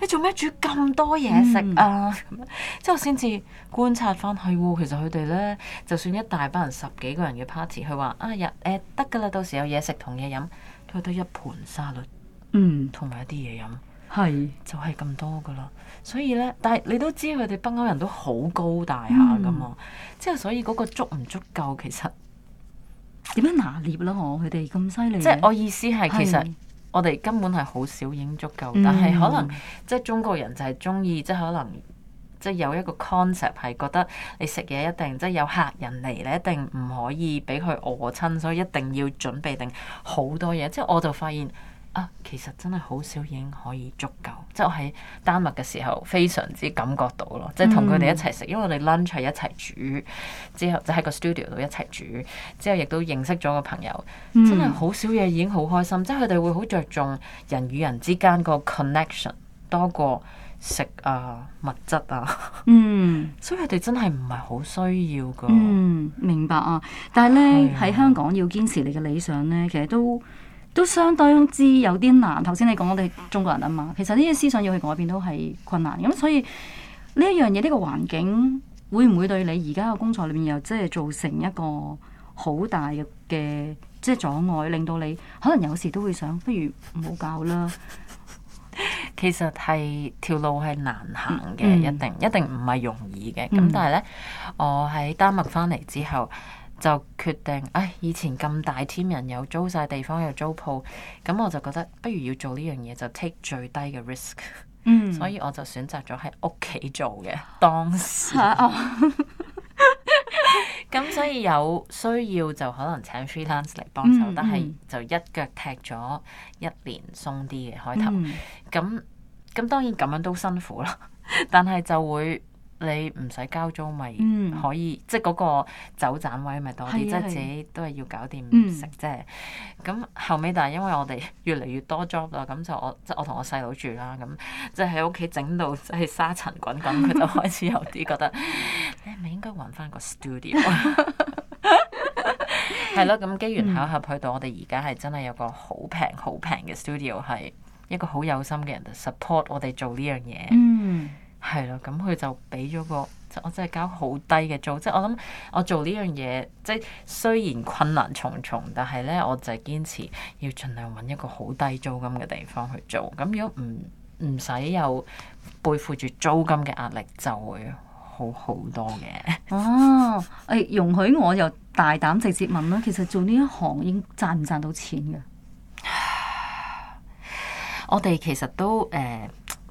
你做咩煮咁多嘢食啊？嗯、 之後先至觀察翻，係喎。其實佢哋咧，就算一大班人、十幾個人嘅 party，佢話啊日誒得㗎啦，到時有嘢食同嘢飲，佢都一盤沙律，嗯，同埋一啲嘢飲，係是就係咁多㗎啦。所以咧，但係你都知佢哋北歐人都好高大下㗎嘛，之後、嗯、所以嗰個足唔足夠，其實點樣拿捏囉？我佢哋咁犀利，即係我意思係其實。我哋根本係好少已經足夠，但係可能、嗯、即係中國人就係中意，即係可能即係有一個 concept 係覺得你食嘢一定即係有客人嚟，你一定唔可以俾佢餓親，所以一定要準備定好多嘢。即係我就發現。啊，其實真係好少已經可以足夠。即係我喺丹麥嘅時候，非常之感覺到咯，即係同佢哋一齊食，因為我哋 lunch 係一齊煮，之後就喺個 studio 度一齊煮，之後亦都認識咗個朋友。嗯、真係好少嘢已經好開心，即係佢哋會好着重人與人之間個 connection 多過食啊物質啊。啊嗯， 所以佢哋真係唔係好需要噶。嗯，明白啊。但係呢，喺、啊、香港要堅持你嘅理想呢，其實都。都相當之有啲難。頭先你講我哋中國人啊嘛，其實呢啲思想要去改變都係困難。咁所以呢一樣嘢，呢個環境會唔會對你而家嘅工作裏面又即係造成一個好大嘅即係阻礙，令到你可能有時都會想不如唔好搞啦。其實係條路係難行嘅，一定一定唔係容易嘅。咁、嗯、但係呢，我喺丹麥翻嚟之後，就決定，唉！以前咁大 team 人，又租晒地方，又租鋪，咁我就覺得不如要做呢樣嘢，就 take 最低嘅 risk、嗯。所以我就選擇咗喺屋企做嘅。當時，咁 所以有需要就可能請 freelance 嚟幫手，嗯嗯，但係就一腳踢咗一年鬆啲嘅開頭。咁咁、嗯、當然咁樣都辛苦啦，但係就會。你唔使交租咪可以，嗯、即係嗰個走盞位咪多啲，是啊、是即係自己都係要搞掂食啫。咁、嗯、後尾但係因為我哋越嚟越多 job 啦，咁就我即係我同我細佬住啦，咁即係喺屋企整到即係沙塵滾滾，佢 就開始有啲覺得，你係咪應該揾翻個 studio？係咯，咁機緣巧合去到我哋而家係真係有個好平、好平嘅 studio，係一個好有心嘅人 support 我哋做呢樣嘢。嗯。係咯，咁佢就俾咗個，就是、我真係搞好低嘅租。即、就、係、是、我諗，我做呢樣嘢，即、就、係、是、雖然困難重重，但係呢，我就係堅持要盡量揾一個好低租金嘅地方去做。咁如果唔唔使有背負住租金嘅壓力，就會好好多嘅。哦，容許我又大膽直接問啦。其實做呢一行，應賺唔賺到錢㗎？我哋其實都誒、呃、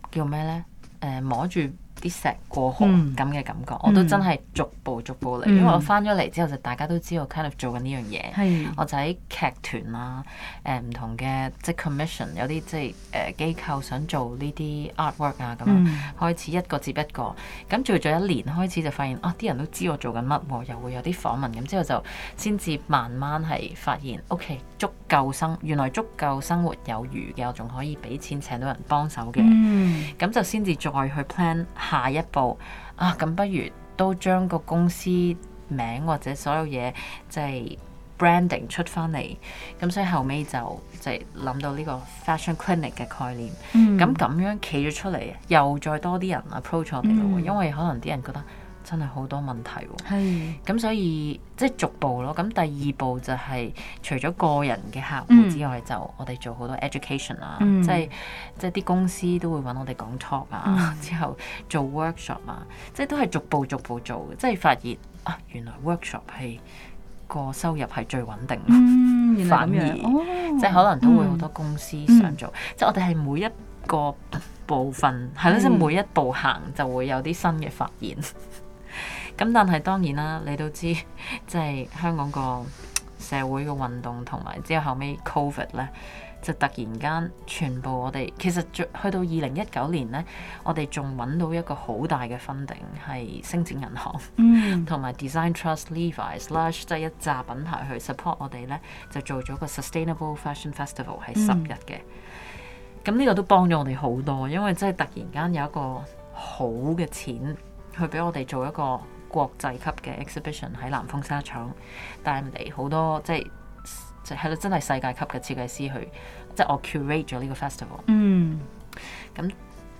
叫咩呢？誒摸住。石過河咁嘅感覺，嗯、我都真係逐步逐步嚟。嗯、因為我翻咗嚟之後，就大家都知道 kind of 做緊呢樣嘢，是我就喺劇團啦、啊，誒、呃、唔同嘅即係 commission 有啲即誒機構想做呢啲 artwork 啊咁樣，嗯、開始一個接一個。咁做咗一年，開始就發現啊，啲人都知我做緊乜，又會有啲訪問。咁之後就先至慢慢係發現，OK 足夠生，原來足夠生活有餘嘅，我仲可以俾錢請到人幫手嘅。咁、嗯、就先至再去 plan 下一步啊，咁不如都將個公司名或者所有嘢即係 branding 出翻嚟，咁所以後尾就即係諗到呢個 fashion clinic 嘅概念，咁咁、嗯、樣企咗出嚟，又再多啲人 approach 我哋咯，嗯、因為可能啲人覺得。真係好多問題喎、哦，咁所以即係逐步咯。咁第二步就係除咗個人嘅客戶之外，嗯、就我哋做好多 education 啊，即係即係啲公司都會揾我哋講 talk 啊，嗯、之後做 workshop 啊，即係都係逐步逐步做即係、就是、發現啊，原來 workshop 係個收入係最穩定，反而即係、oh、可能都會好多公司想做。即係我哋係每一個部分係咯，即係每一步行就會有啲新嘅發現。咁但係當然啦，你都知即係香港個社會個運動同埋之後後尾 Covid 咧，就突然間全部我哋其實去到二零一九年咧，我哋仲揾到一個好大嘅 funding，係星展銀行，同埋、嗯、Design Trust Levi's、嗯、Levi's、Lush 即係一紮品牌去 support 我哋咧，就做咗個 Sustainable Fashion Festival 係十日嘅。咁呢、嗯、個都幫咗我哋好多，因為真係突然間有一個好嘅錢去俾我哋做一個國際級嘅 exhibition 喺南豐紗廠，帶人哋好多即係係咯，真係世界級嘅設計師去，即係我 curate 咗呢個 festival。嗯，咁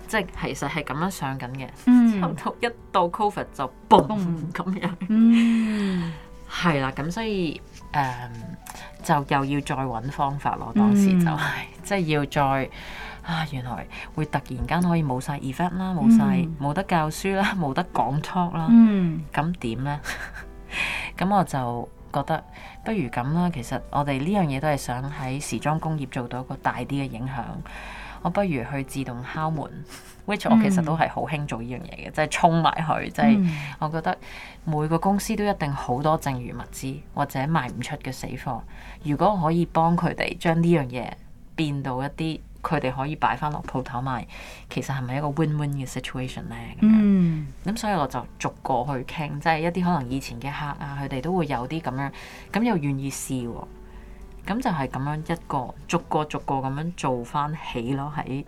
即係其實係咁樣上緊嘅，差唔多一到 COVID 就 boom 咁樣。嗯，係啦，咁所以誒就又要再揾方法咯。當時就係嗯、即係要再。啊，原來會突然間可以冇晒 effect 啦，冇晒、嗯，冇得教書啦，冇得講 talk 啦，嗯，咁點呢？咁 我就覺得不如咁啦。其實我哋呢樣嘢都係想喺時裝工業做到一個大啲嘅影響。我不如去自動敲門、嗯、which 我其實都係好興做呢樣嘢嘅，即係衝埋去，即係、嗯、我覺得每個公司都一定好多剩餘物資或者賣唔出嘅死貨。如果我可以幫佢哋將呢樣嘢變到一啲。佢哋可以擺翻落鋪頭賣，其實係咪一個 win win 嘅 situation 呢？咁樣，咁、mm. 嗯、所以我就逐個去傾，即係一啲可能以前嘅客啊，佢哋都會有啲咁樣，咁又願意試、哦，咁就係咁樣一個逐個逐個咁樣做翻起咯，喺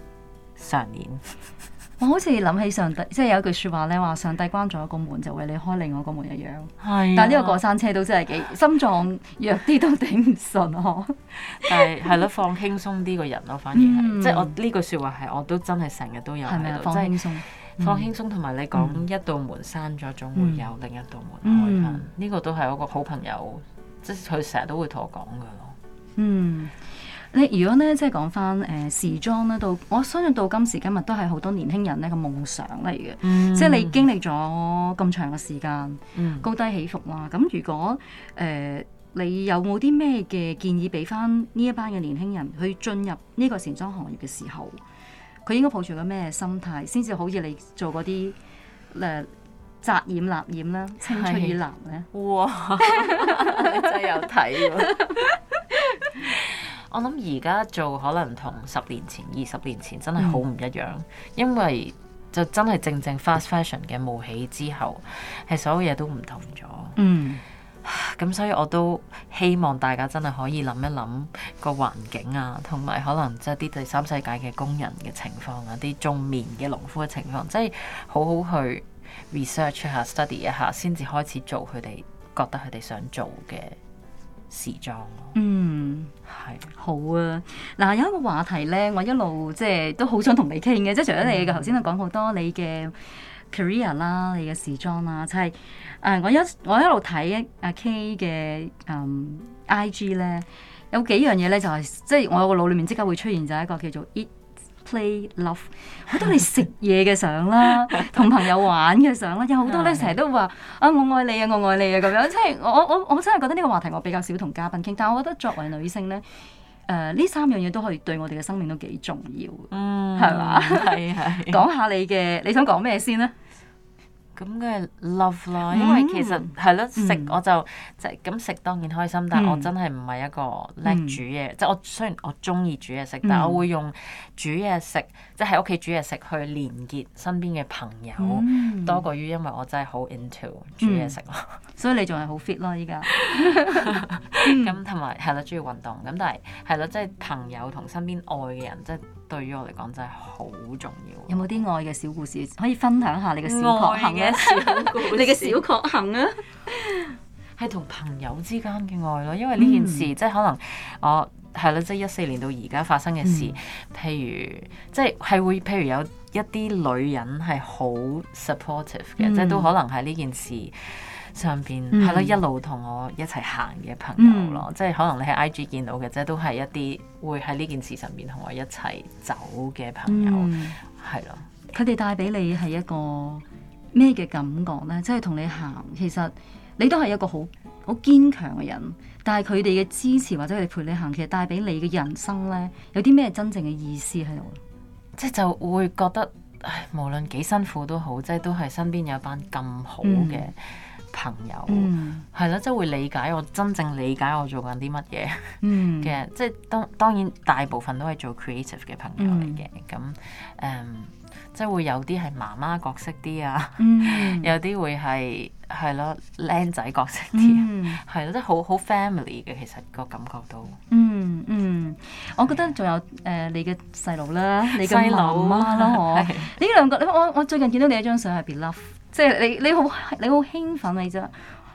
上年。 我好似諗起上帝，即係有一句説話咧，話上帝關咗一個門，就為你開另外一個門一樣。啊、但係呢個過山車都真係幾心臟弱啲都頂唔順呵。 但係係咯，放輕鬆啲個人咯，反而係，嗯、即係我呢句説話係我都真係成日都有放輕鬆，放輕鬆。同埋、嗯、你講一道門閂咗，總會有另一道門開翻。呢、嗯嗯、個都係我個好朋友，即係佢成日都會同我講嘅咯。嗯。你如果咧，即係講翻誒時裝咧，到我相信到今時今日都係好多年輕人呢個夢想嚟嘅。嗯、即係你經歷咗咁長嘅時間，嗯、高低起伏啦、啊。咁如果誒、呃、你有冇啲咩嘅建議俾翻呢一班嘅年輕人去進入呢個時裝行業嘅時候，佢應該抱住個咩心態，先至好似你做嗰啲誒紮染立染咧、起青春以藍咧？哇！ 真係有睇 我諗而家做可能同十年前、二十年前真係好唔一樣，mm. 因為就真係正正 fast fashion 嘅冒起之後，係所有嘢都唔同咗。嗯、mm.，咁所以我都希望大家真係可以諗一諗個環境啊，同埋可能即係啲第三世界嘅工人嘅情況啊，啲種棉嘅農夫嘅情況，即、就、係、係、好好去 research 一下、study 一下，先至開始做佢哋覺得佢哋想做嘅時裝、啊。嗯。Mm. 係好啊！嗱，有一個話題咧，我一路即係都好想同你傾嘅，即係除咗你頭先都講好多你嘅 career 啦，你嘅時裝啦，就係、是、誒、呃，我一我一路睇阿、啊、K 嘅誒、嗯、IG 咧，有幾樣嘢咧就係、是，即係我個腦裏面即刻會出現就係一個叫做、e Play Love，好多你食嘢嘅相啦，同 朋友玩嘅相啦，有好多咧，成日都話啊我愛你啊我愛你啊咁樣，即係我我我真係覺得呢個話題我比較少同嘉賓傾，但係我覺得作為女性咧，誒、呃、呢三樣嘢都可以對我哋嘅生命都幾重要，嗯係嘛，係係講下你嘅你想講咩先咧？咁梗係 love 咯，因為其實係咯、mm hmm. 食我就即係咁食當然開心，但係我真係唔係一個叻煮嘢，mm hmm. 即係我雖然我中意煮嘢食，mm hmm. 但係我會用煮嘢食即係喺屋企煮嘢食去連結身邊嘅朋友多過於因為我真係好 into 煮嘢食咯，mm hmm. 所以你仲係好 fit 咯，依家，咁同埋係咯中意運動，咁但係係咯即係朋友同身邊愛嘅人即係。就是對於我嚟講真係好重要。有冇啲愛嘅小故事可以分享下？你嘅小確幸啊，小故 你嘅小確幸啊，係同朋友之間嘅愛咯。因為呢件事、嗯、即係可能我係啦，即係一四年到而家發生嘅事。嗯、譬如即係係會，譬如有一啲女人係好 supportive 嘅，嗯、即係都可能係呢件事。上邊係咯，一路同我一齊行嘅朋友咯，嗯、即係可能你喺 IG 見到嘅即係，都係一啲會喺呢件事上邊同我一齊走嘅朋友，係咯、嗯。佢哋的帶俾你係一個咩嘅感覺呢？即係同你行，其實你都係一個好好堅強嘅人，但係佢哋嘅支持或者佢哋陪你行，其實帶俾你嘅人生呢，有啲咩真正嘅意思喺度？即係就會覺得，唉，無論幾辛苦都好，即係都係身邊有一班咁好嘅。嗯朋友係咯，即係、嗯就是、會理解我真正理解我做緊啲乜嘢嘅，即係當當然大部分都係做 creative 嘅朋友嚟嘅，咁誒、嗯嗯、即係會有啲係媽媽角色啲啊， 有啲會係係咯僆仔角色啲，係咯即係好好 family 嘅，其實個感覺都嗯嗯，我覺得仲有誒的、uh，你嘅細路啦，你嘅老媽咯，我呢兩個我我最近見到你一張相係 be love。即係你，你好，你好興奮，你而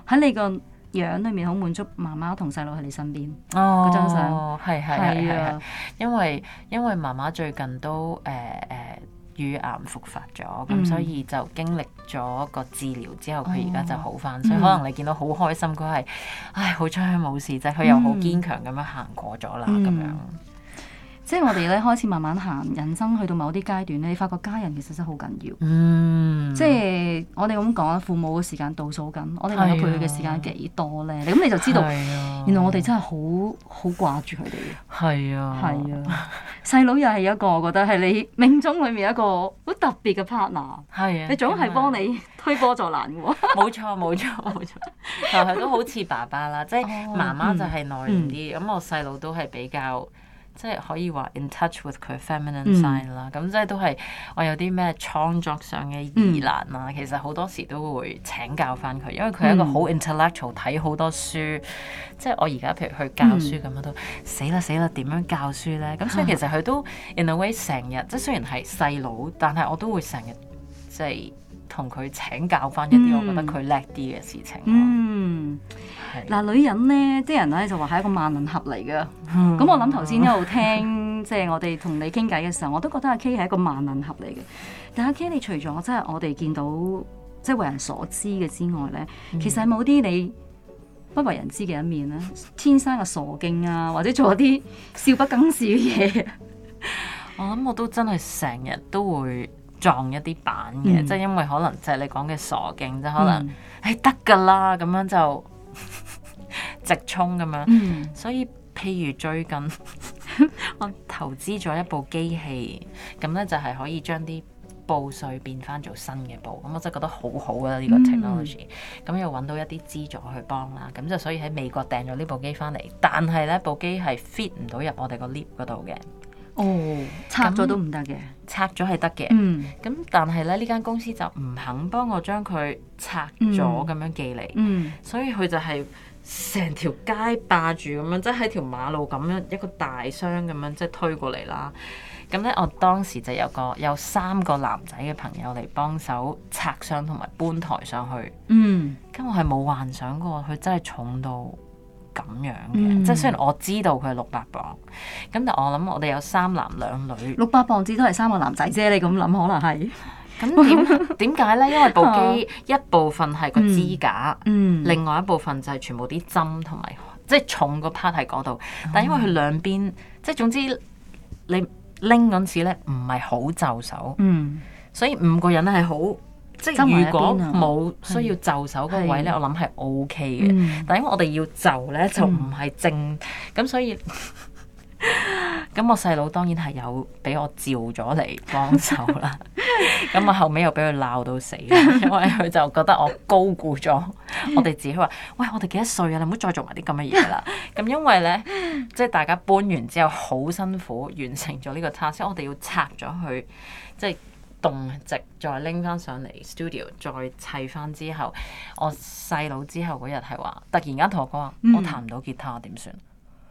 喺你個樣裏面好滿足，媽媽同細佬喺你身邊。哦，個張相，係係係。因為因為媽媽最近都誒誒、呃，乳癌復發咗，咁所以就經歷咗個治療之後，佢而家就好返，哦、所以可能你見到好開心，佢係，唉，好彩冇事啫，佢又好堅強咁樣行過咗啦，咁樣、嗯。嗯即係我哋咧開始慢慢行人生，去到某啲階段咧，你發覺家人其實真係好緊要。嗯，mm. 即係我哋咁講，父母嘅時間倒數緊，我哋留俾佢嘅時間幾多咧？咁的你就知道，原來我哋真係好好掛住佢哋嘅。係啊，係啊的，細佬又係一個，我覺得係你命中裏面一個好特別嘅 partner 的。係啊，你總係幫你推波助瀾喎。冇錯，冇錯，冇錯，就係都好似爸爸啦，即係媽媽就係內斂啲，咁、 嗯嗯、我細佬都係比較。即係可以話 in touch with 佢 feminine side, sign 啦，咁即係都係我有啲咩創作上嘅疑難啊，嗯、其實好多時都會請教翻佢，因為佢係一個好 intellectual，睇好多書。即係我而家譬如去教書咁樣、嗯、都死啦死啦，點樣教書呢？咁所以其實佢都 in a way 成日，即係雖然係細佬，但係我都會成日。即係同佢請教返一啲，我覺得佢叻啲嘅事情。嗯，嗱，女人咧，啲人咧就話係一個萬能俠嚟㗎。咁我諗頭先一路聽，即係我哋同你傾偈嘅時候，我都覺得阿 K 係一個萬能俠嚟嘅。但阿 K，你除咗真係我哋見到即係為人所知嘅之外咧，其實係冇啲你不為人知嘅一面咧。天生嘅傻勁啊，或者做一啲少不更事嘅嘢。我諗我都真係成日都會。撞一啲板嘅。嗯、即係因為可能就係你講嘅傻勁，即係可能，嗯、哎得噶啦，咁樣就 直衝咁樣，嗯、所以譬如最近 我投資咗一部機器，咁呢就係可以將啲布碎變翻做新嘅布，咁我真係覺得好好啊呢、呢個 technology，咁、嗯、又揾到一啲資助去幫啦，咁就所以喺美國訂咗呢部機翻嚟，但係呢部機係 fit 唔到入我哋個 lift 嗰度嘅，哦，拆咗咁都唔得嘅。拆咗係得嘅，咁、嗯、但係咧呢間公司就唔肯幫我將佢拆咗，咁樣寄嚟，嗯嗯、所以佢就係成條街霸住咁樣，即係喺條馬路咁樣一個大箱咁樣即係、就是、推過嚟啦。咁咧，我當時就有個有三個男仔嘅朋友嚟幫手拆箱同埋搬台上去，嗯，咁我係冇幻想過佢真係重到。咁樣嘅，嗯、即係雖然我知道佢係六百磅，咁但我諗我哋有三男兩女，六百磅至都係三個男仔啫。你咁諗可能係，咁點點解咧？因為部機一部分係個支架，嗯，嗯另外一部分就係全部啲針同埋即係重、個 part 喺嗰度，但因為佢兩邊、嗯、即係總之你拎嗰陣時咧唔係好就手，嗯，所以五個人咧係好。即如果冇需要就手嘅位咧，的我諗係 O K 嘅。嗯、但因為我哋要就咧，就唔係正咁，嗯、所以咁 我細佬當然係有俾我照咗嚟幫手啦。咁啊 後尾又俾佢鬧到死，因為佢就覺得我高估咗 我哋自己。話喂，我哋幾多歲啊？你唔好再做埋啲咁嘅嘢啦。咁 因為咧，即、就、係、是、大家搬完之後好辛苦，完成咗呢個 t a 我哋要拆咗佢，即係。動直再拎翻上嚟 studio 再砌翻之後，我細佬之後嗰日係話，突然間同我講話我彈唔到吉他點算、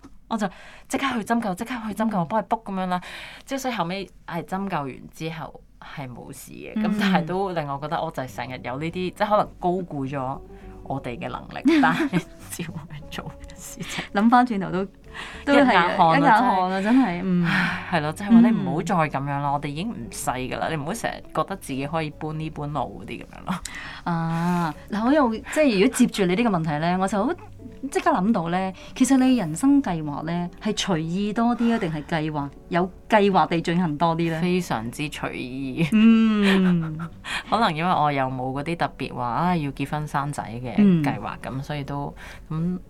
嗯？我就即刻去針灸，即刻去針灸，我幫佢 book 咁樣啦。之所以後尾係針灸完之後係冇事嘅，咁、嗯、但係都令我覺得我就係成日有呢啲，即係可能高估咗我哋嘅能力，但係照去做嘅事情。諗翻轉頭都。都一眼汗啊，真係，嗯，係咯，即係你唔好再咁樣咯，我哋已經唔細噶啦，你唔好成日覺得自己可以搬呢搬路嗰啲咁樣咯。啊，嗱，我又即係如果接住你呢個問題咧，我就好即刻諗到咧，其實你人生計劃咧係隨意多啲啊，定係計劃有計劃地進行多啲咧？非常之隨意，嗯， 可能因為我又冇嗰啲特別話啊要結婚生仔嘅計劃咁，所以都咁。嗯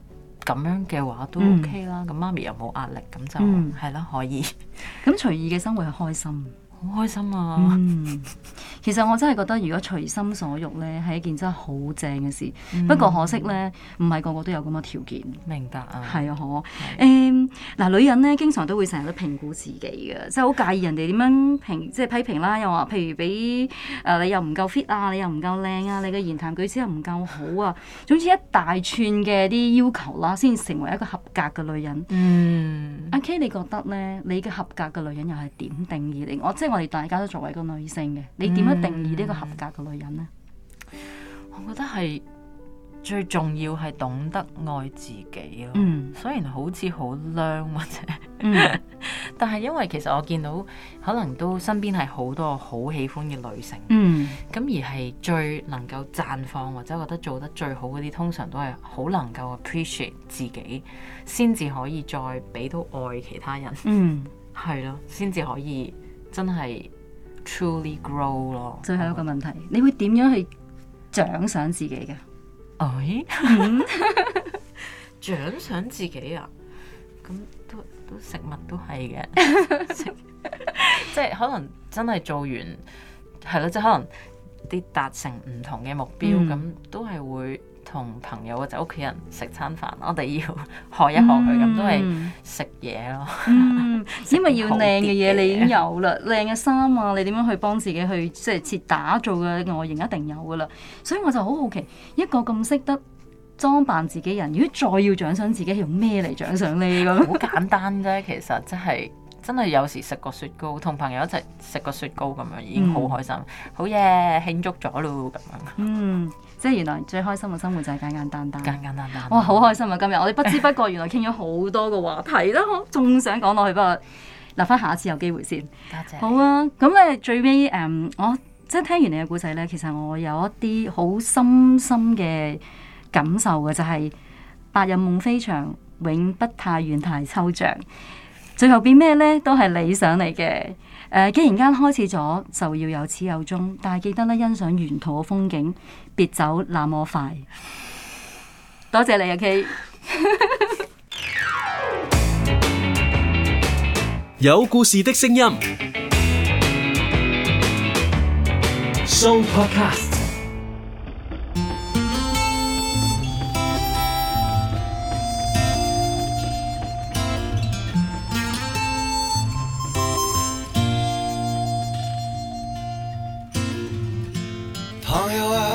咁樣嘅話都 OK 啦，咁、嗯、媽咪又冇壓力，咁就係啦，可以，咁 隨意嘅生活係開心。好開心啊、嗯！其實我真係覺得如果隨心所欲呢，係一件真係好正嘅事。嗯、不過可惜呢，唔係個個都有咁嘅條件。明白啊，係啊吧，嗬的。誒，嗱，女人呢，經常都會成日都評估自己嘅、就是，即係好介意人哋點樣評，即係批評啦。又話，譬如俾誒、呃、你又唔夠 fit 啊，你又唔夠靚啊，你嘅言談舉止又唔夠好啊，總之一大串嘅啲要求啦，先成為一個合格嘅女人。阿、嗯啊、K，你覺得呢？你嘅合格嘅女人又係點定義嚟？我即係。我哋大家都作為一個女性嘅，你點樣定義呢個合格嘅女人呢？嗯、我覺得係最重要係懂得愛自己咯。嗯、雖然好似好靚或者，嗯、但係因為其實我見到可能都身邊係好多好喜歡嘅女性，咁、嗯、而係最能夠綻放或者覺得做得最好嗰啲，通常都係好能夠 appreciate 自己，先至可以再俾到愛其他人。嗯，係咯，先至可以。真係 truly grow 咯。最後一個問題，嗯、你會點樣去獎賞自己嘅？哎，獎賞自己啊，咁都都食物都係嘅，即係 可能真係做完係咯，即、就、係、是、可能啲達成唔同嘅目標，咁、嗯、都係會。同朋友或者屋企人食餐飯，我哋要學一學佢咁，嗯、都係食嘢咯。嗯、 因為要靚嘅嘢，你已經有啦，靚嘅衫啊，你點樣去幫自己去即係設打造嘅外形，一定有噶啦。所以我就好好奇，一個咁識得裝扮自己嘅人，如果再要獎賞自己，用咩嚟獎賞呢？咁 好簡單啫，其實真係。真係有時食個雪糕，同朋友一齊食個雪糕咁樣，已經好開心，嗯、好嘢慶祝咗咯咁樣。嗯，即係原來最開心嘅生活就係簡簡單單。簡簡單單,單。哇，好開心啊！今日我哋不知不覺原來傾咗好多個話題啦，仲 想講落去不過，留翻下一次有機會先。多謝。好啊，咁咧最尾誒，um, 我即係聽完你嘅故仔咧，其實我有一啲好深深嘅感受嘅、就係，就係白日夢非常，永不太遠太抽象。最後變咩呢？都係理想嚟嘅。誒、呃，既然間開始咗，就要有始有終。但係記得呢，欣賞沿途嘅風景，別走那麼快。多謝你啊，K。Kay、 有故事的聲音。So Podcast。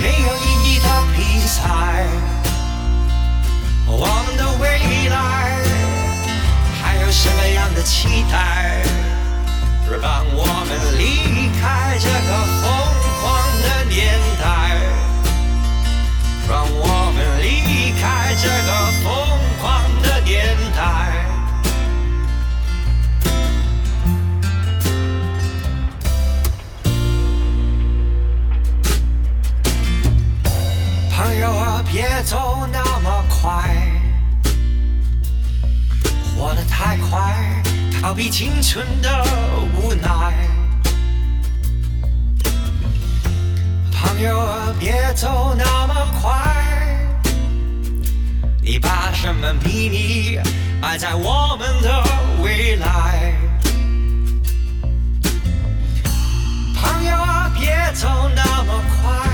沒有意義的比賽，我們的未來還有什麼樣的期待？讓我們離開這個瘋狂的年代，讓我們離開這個瘋。別走那麼快，活得太快，逃避青春的無奈。朋友啊，別走那麼快，你把什麼秘密埋在我們的未來？朋友啊，別走那麼快。